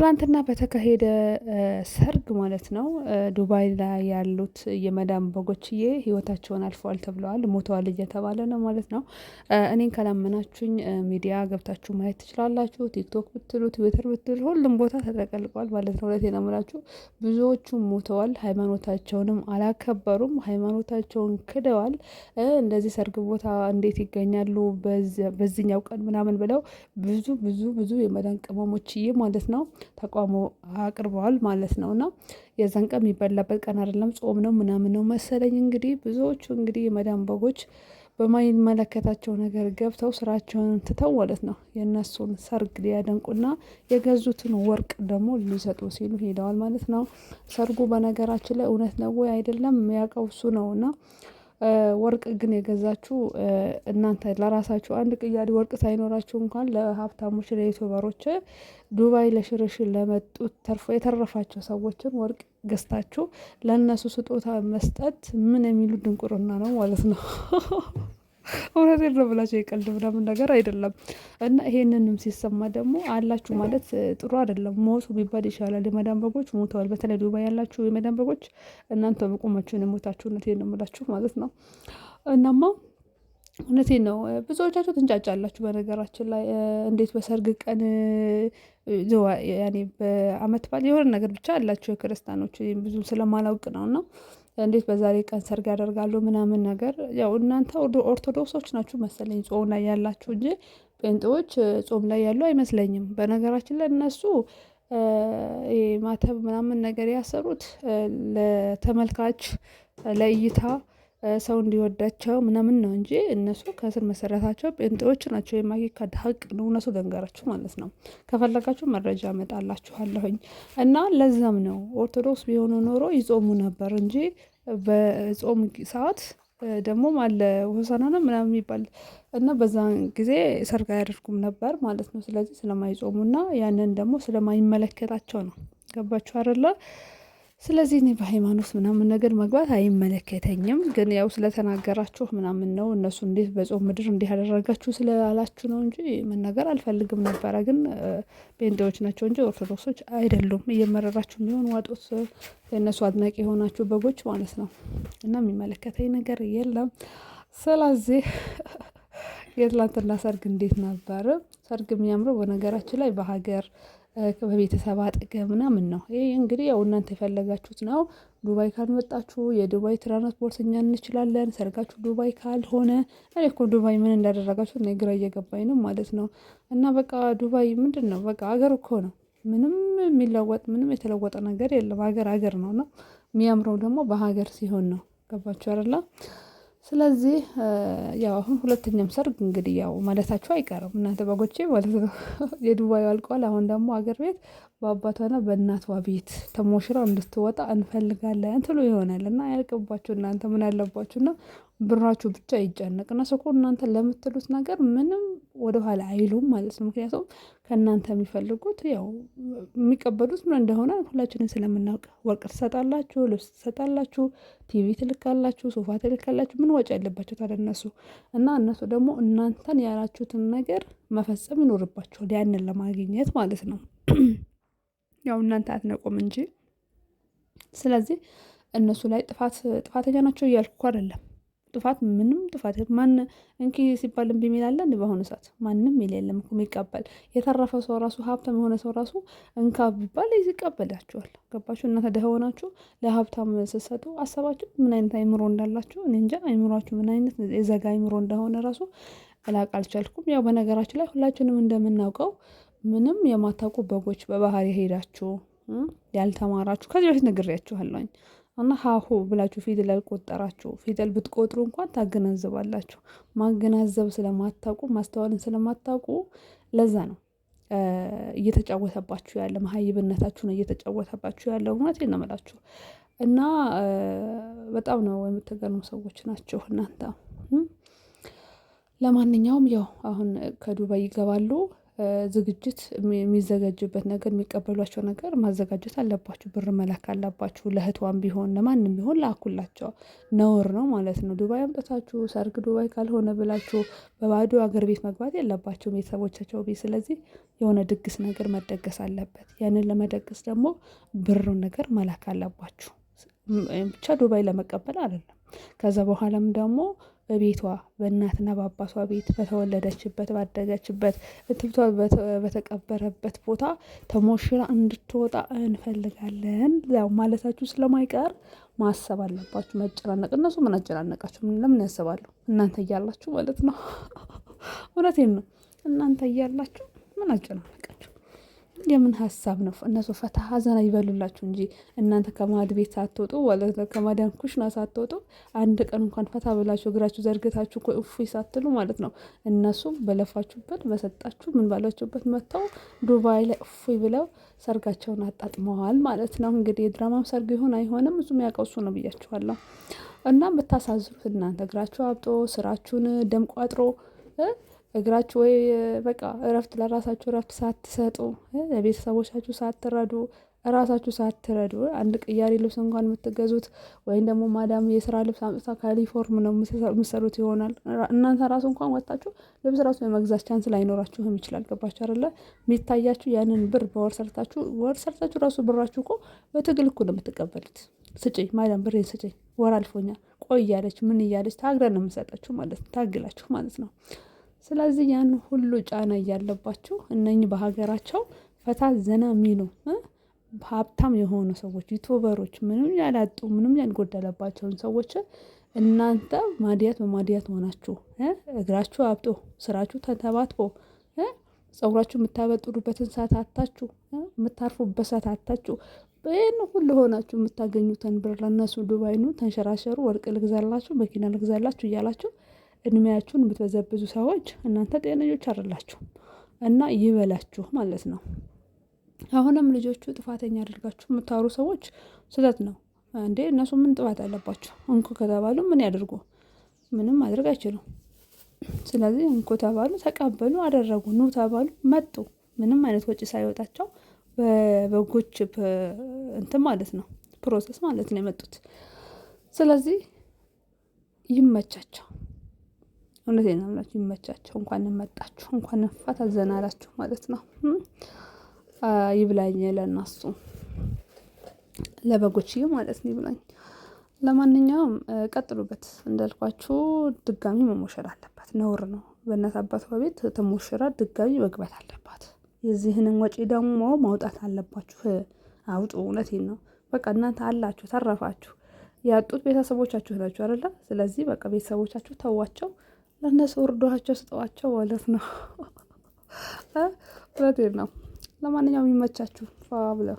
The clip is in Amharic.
ትላንትና በተካሄደ ሰርግ ማለት ነው ዱባይ ላይ ያሉት የመዳም በጎችዬ ህይወታቸውን አልፈዋል ተብለዋል። ሞተዋል እየተባለ ነው ማለት ነው። እኔን ካላመናችሁኝ ሚዲያ ገብታችሁ ማየት ትችላላችሁ። ቲክቶክ ብትሉ፣ ትዊተር ብትሉ ሁሉም ቦታ ተጠቀልቀዋል ማለት ነው። እውነቴን ነው የምላችሁ ብዙዎቹ ሞተዋል። ሃይማኖታቸውንም አላከበሩም። ሃይማኖታቸውን ክደዋል። እንደዚህ ሰርግ ቦታ እንዴት ይገኛሉ በዚህኛው ቀን ምናምን ብለው ብዙ ብዙ ብዙ የመዳም ቅመሞችዬ ማለት ነው ተቋሙ አቅርበዋል ማለት ነው። እና የዛን ቀን የሚበላበት ቀን አይደለም፣ ጾም ነው ምናምን ነው መሰለኝ። እንግዲህ ብዙዎቹ እንግዲህ የመዳም በጎች በማይመለከታቸው ነገር ገብተው ስራቸውን ትተው ማለት ነው የእነሱን ሰርግ ሊያደንቁና የገዙትን ወርቅ ደግሞ ሊሰጡ ሲሉ ሄደዋል ማለት ነው። ሰርጉ በነገራችን ላይ እውነት ነው ወይ አይደለም የሚያውቀው እሱ እና። ወርቅ ግን የገዛችሁ እናንተ ለራሳችሁ አንድ ቅያዴ ወርቅ ሳይኖራችሁ እንኳን ለሀብታሞች፣ ለዩቱበሮች ዱባይ ለሽርሽር ለመጡት ተርፎ የተረፋቸው ሰዎችን ወርቅ ገዝታችሁ ለእነሱ ስጦታ መስጠት ምን የሚሉ ድንቁርና ነው ማለት ነው። እውነቴን ነው ብላቸው የቀልድ ምናምን ነገር አይደለም። እና ይሄንንም ሲሰማ ደግሞ አላችሁ ማለት ጥሩ አይደለም። ሞቱ ቢባል ይሻላል። የመዳን በጎች ሞተዋል። በተለይ ዱባይ ያላችሁ የመዳን በጎች እናንተ መቆማችሁን የሞታችሁ እውነቴን ነው የምላችሁ ማለት ነው። እናማ እውነቴን ነው ብዙዎቻችሁ ትንጫጫላችሁ። በነገራችን ላይ እንዴት በሰርግ ቀን ያኔ በአመት በዓል የሆነ ነገር ብቻ አላችሁ የክርስቲያኖች ብዙ ስለማላውቅ ነው እና እንዴት በዛሬ ቀን ሰርግ ያደርጋሉ ምናምን ነገር። ያው እናንተ ኦርቶዶክሶች ናችሁ መሰለኝ ጾም ላይ ያላችሁ እንጂ ጴንጤዎች ጾም ላይ ያሉ አይመስለኝም። በነገራችን ላይ እነሱ ማተብ ምናምን ነገር ያሰሩት ለተመልካች ለእይታ ሰው እንዲወዳቸው ምናምን ነው እንጂ እነሱ ከስር መሰረታቸው ጴንጤዎች ናቸው። የማይካ ሀቅ ነው እነሱ ደንገራችሁ ማለት ነው። ከፈለጋችሁ መረጃ እመጣላችኋለሁኝ። እና ለዛም ነው ኦርቶዶክስ ቢሆኑ ኖሮ ይጾሙ ነበር እንጂ በጾም ሰዓት ደግሞ አለ ሆሳና ነው ምናምን የሚባል እና በዛን ጊዜ ሰርግ አያደርጉም ነበር ማለት ነው። ስለዚህ ስለማይጾሙና ያንን ደግሞ ስለማይመለከታቸው ነው። ገባችሁ አይደለ? ስለዚህ እኔ በሃይማኖት ምናምን ነገር መግባት አይመለከተኝም። ግን ያው ስለተናገራችሁ ምናምን ነው እነሱ እንዴት በጾም ምድር እንዲህ ያደረጋችሁ ስላላችሁ ነው እንጂ መናገር አልፈልግም ነበረ። ግን ጴንጤዎች ናቸው እንጂ ኦርቶዶክሶች አይደሉም። እየመረራችሁ የሚሆን ዋጦት የእነሱ አድናቂ የሆናችሁ በጎች ማለት ነው። እና የሚመለከተኝ ነገር የለም። ስለዚህ የትላንትና ሰርግ እንዴት ነበር? ሰርግ የሚያምረው በነገራችን ላይ በሀገር በቤተሰብ አጠገብ ምናምን ነው። ይሄ እንግዲህ ያው እናንተ የፈለጋችሁት ነው። ዱባይ ካልመጣችሁ የዱባይ ትራንስፖርት እኛ እንችላለን። ሰርጋችሁ ዱባይ ካልሆነ እኔ እኮ ዱባይ ምን እንዳደረጋችሁት እኔ ግራ እየገባኝ ነው ማለት ነው። እና በቃ ዱባይ ምንድን ነው? በቃ አገር እኮ ነው። ምንም የሚለወጥ ምንም የተለወጠ ነገር የለም። ሀገር ሀገር ነው ነው የሚያምረው ደግሞ በሀገር ሲሆን ነው። ገባችሁ አይደለ? ስለዚህ ያው አሁን ሁለተኛም ሰርግ እንግዲህ ያው ማለታቸው አይቀርም። እናንተ በጎቼ ማለት ነው። የዱባዩ አልቋል። አሁን ደግሞ አገር ቤት በአባቷና በእናቷ ቤት ተሞሽራ እንድትወጣ እንፈልጋለን ትሉ ይሆናል እና ያልቅባችሁ እናንተ ምን ና ብራችሁ ብቻ እና ሰኮ እናንተ ለምትሉት ነገር ምንም ወደኋላ አይሉም ማለት ነው። ምክንያቱም ከእናንተ የሚፈልጉት ያው የሚቀበሉት ምን እንደሆነ ሁላችንን ስለምናውቅ ወርቅ ትሰጣላችሁ፣ ልብስ ትሰጣላችሁ፣ ቲቪ ትልካላችሁ፣ ሶፋ ትልካላችሁ። ምን ወጪ ያለባቸው ታዲያ እነሱ እና እነሱ ደግሞ እናንተን ያላችሁትን ነገር መፈጸም ይኖርባቸዋል። ያንን ለማግኘት ማለት ነው። ያው እናንተ አትነቁም እንጂ ስለዚህ እነሱ ላይ ጥፋት ጥፋተኛ ናቸው እያልኩ አይደለም ጥፋት ምንም ጥፋት ማን እንኪ ሲባል እምቢ የሚል አለ? በአሁኑ ሰዓት ማንም ይል የለም እኮ የሚቀበል። የተረፈ ሰው ራሱ ሀብታም የሆነ ሰው ራሱ እንካ ቢባል ይቀበላችኋል። ገባችሁ? እናንተ ደሀ ሆናችሁ ለሀብታም ስትሰጡ አሰባችሁ ምን አይነት አይምሮ እንዳላችሁ እኔ እንጃ። አይምሯችሁ ምን አይነት የዘጋ አይምሮ እንደሆነ ራሱ እላቅ አልቻልኩም። ያው በነገራችን ላይ ሁላችንም እንደምናውቀው ምንም የማታውቁ በጎች በባህር የሄዳችሁ ያልተማራችሁ ከዚህ በፊት ነግሬያችኋለሁኝ። እና ሀሁ ብላችሁ ፊደል ያልቆጠራችሁ ፊደል ብትቆጥሩ እንኳን ታገናዝባላችሁ። ማገናዘብ ስለማታውቁ ማስተዋልን ስለማታውቁ ለዛ ነው እየተጫወተባችሁ ያለ መሀይብነታችሁ ነው እየተጫወተባችሁ ያለው። እውነቴን ነው የምላችሁ። እና በጣም ነው የምትገርሙ ሰዎች ናቸው እናንተ። ለማንኛውም ያው አሁን ከዱባይ ይገባሉ። ዝግጅት የሚዘጋጅበት ነገር የሚቀበሏቸው ነገር ማዘጋጀት አለባችሁ። ብር መላክ አለባችሁ። ለእህቷም ቢሆን ለማንም ቢሆን ላኩላቸው። ነውር ነው ማለት ነው። ዱባይ አምጥታችሁ ሰርግ ዱባይ ካልሆነ ብላችሁ በባዶ አገር ቤት መግባት የለባቸው ቤተሰቦቻቸው ቤት። ስለዚህ የሆነ ድግስ ነገር መደገስ አለበት። ያንን ለመደገስ ደግሞ ብሩን ነገር መላክ አለባችሁ። ብቻ ዱባይ ለመቀበል አይደለም። ከዛ በኋላም ደግሞ በቤቷ በእናትና በአባቷ ቤት በተወለደችበት ባደገችበት እትብቷ በተቀበረበት ቦታ ተሞሽራ እንድትወጣ እንፈልጋለን። ያው ማለታችሁ ስለማይቀር ማሰብ አለባችሁ። መጨናነቅ እነሱ ምን አጨናነቃችሁ? ለምን ያስባሉ? እናንተ እያላችሁ ማለት ነው። እውነቴን ነው። እናንተ እያላችሁ ምን አጨናነቅ የምን ሀሳብ ነው? እነሱ ፈታ ሀዘና ይበሉላችሁ እንጂ እናንተ ከማድ ቤት ሳትወጡ ከማዳን ኩሽና ሳትወጡ አንድ ቀን እንኳን ፈታ ብላችሁ እግራችሁ ዘርግታችሁ እፉ ሳትሉ ማለት ነው። እነሱ በለፋችሁበት በሰጣችሁ ምን ባላችሁበት መጥተው ዱባይ ላይ እፉ ብለው ሰርጋቸውን አጣጥመዋል ማለት ነው። እንግዲህ የድራማም ሰርግ ይሆን አይሆንም እሱም ያቀውሱ ነው ብያችኋለሁ። እና ብታሳዝኑት እናንተ እግራችሁ አብጦ ስራችሁን ደምቋጥሮ እግራችሁ ወይ በቃ እረፍት ለራሳችሁ እረፍት ሳትሰጡ ለቤተሰቦቻችሁ ሳትረዱ ራሳችሁ ሳትረዱ አንድ ቅያሪ ልብስ እንኳን የምትገዙት ወይም ደግሞ ማዳም የስራ ልብስ አምጥታ ካሊፎርም ነው የምሰሩት ይሆናል። እናንተ ራሱ እንኳን ወጣችሁ ልብስ ራሱ የመግዛት ቻንስ ላይኖራችሁም ይችላል። ገባችሁ አይደለ? የሚታያችሁ ያንን ብር በወር ሰርታችሁ ወር ሰርታችሁ ራሱ ብራችሁ እኮ በትግል እኮ ነው የምትቀበሉት። ስጭኝ ማዳም ብሬን ስጭኝ፣ ወር አልፎኛል፣ ቆይ እያለች ምን እያለች ታግረን ነው የምሰጣችሁ ማለት ታግላችሁ ማለት ነው። ስለዚህ ያን ሁሉ ጫና እያለባችሁ እነኚህ በሀገራቸው ፈታ ዘና የሚሉ ሀብታም የሆኑ ሰዎች ዩቱበሮች ምንም ያላጡ ምንም ያልጎደለባቸውን ሰዎች እናንተ ማዲያት በማዲያት ሆናችሁ እግራችሁ አብጦ ስራችሁ ተተባትቦ ጸጉራችሁ የምታበጥሩበትን ሰዓት አታችሁ የምታርፉበት ሰዓት አታችሁ ይህን ሁሉ ሆናችሁ የምታገኙትን ብር ለእነሱ ዱባይኑ ተንሸራሸሩ፣ ወርቅ ልግዛላችሁ፣ መኪና ልግዛላችሁ እያላችሁ እድሜያችሁን የምትበዘብዙ ሰዎች እናንተ ጤነኞች አይደላችሁም እና ይበላችሁ ማለት ነው። አሁንም ልጆቹ ጥፋተኛ አድርጋችሁ የምታወሩ ሰዎች ስህተት ነው እንዴ! እነሱ ምን ጥፋት አለባቸው? እንኩ ከተባሉ ምን ያደርጉ? ምንም ማድረግ አይችሉም። ስለዚህ እንኩ ተባሉ፣ ተቀበሉ፣ አደረጉ፣ ኑ ተባሉ፣ መጡ። ምንም አይነት ወጪ ሳይወጣቸው በበጎች እንትን ማለት ነው ፕሮሰስ ማለት ነው የመጡት። ስለዚህ ይመቻቸው። እውነቴን ነው ይመቻቸው። እንኳን መጣችሁ፣ እንኳን ንፋት አዘናላችሁ ማለት ነው። ይብላኝ ለእናሱ ለበጎችዬ ማለት ነው ይብላኝ። ለማንኛውም ቀጥሉበት። እንዳልኳችሁ ድጋሚ መሞሸር አለባት፣ ነውር ነው። በእናት አባቷ ቤት ተሞሽራ ድጋሚ መግባት አለባት። የዚህንም ወጪ ደግሞ ማውጣት አለባችሁ። አውጡ። እውነቴን ነው። በቃ እናንተ አላችሁ፣ ተረፋችሁ። ያጡት ቤተሰቦቻችሁ ናችሁ አይደለ? ስለዚህ በቃ ቤተሰቦቻችሁ ተዋቸው። ለእነሱ እርዷቸው ስጠዋቸው ማለት ነው። እውነቴን ነው። ለማንኛውም ይመቻችሁ ብለው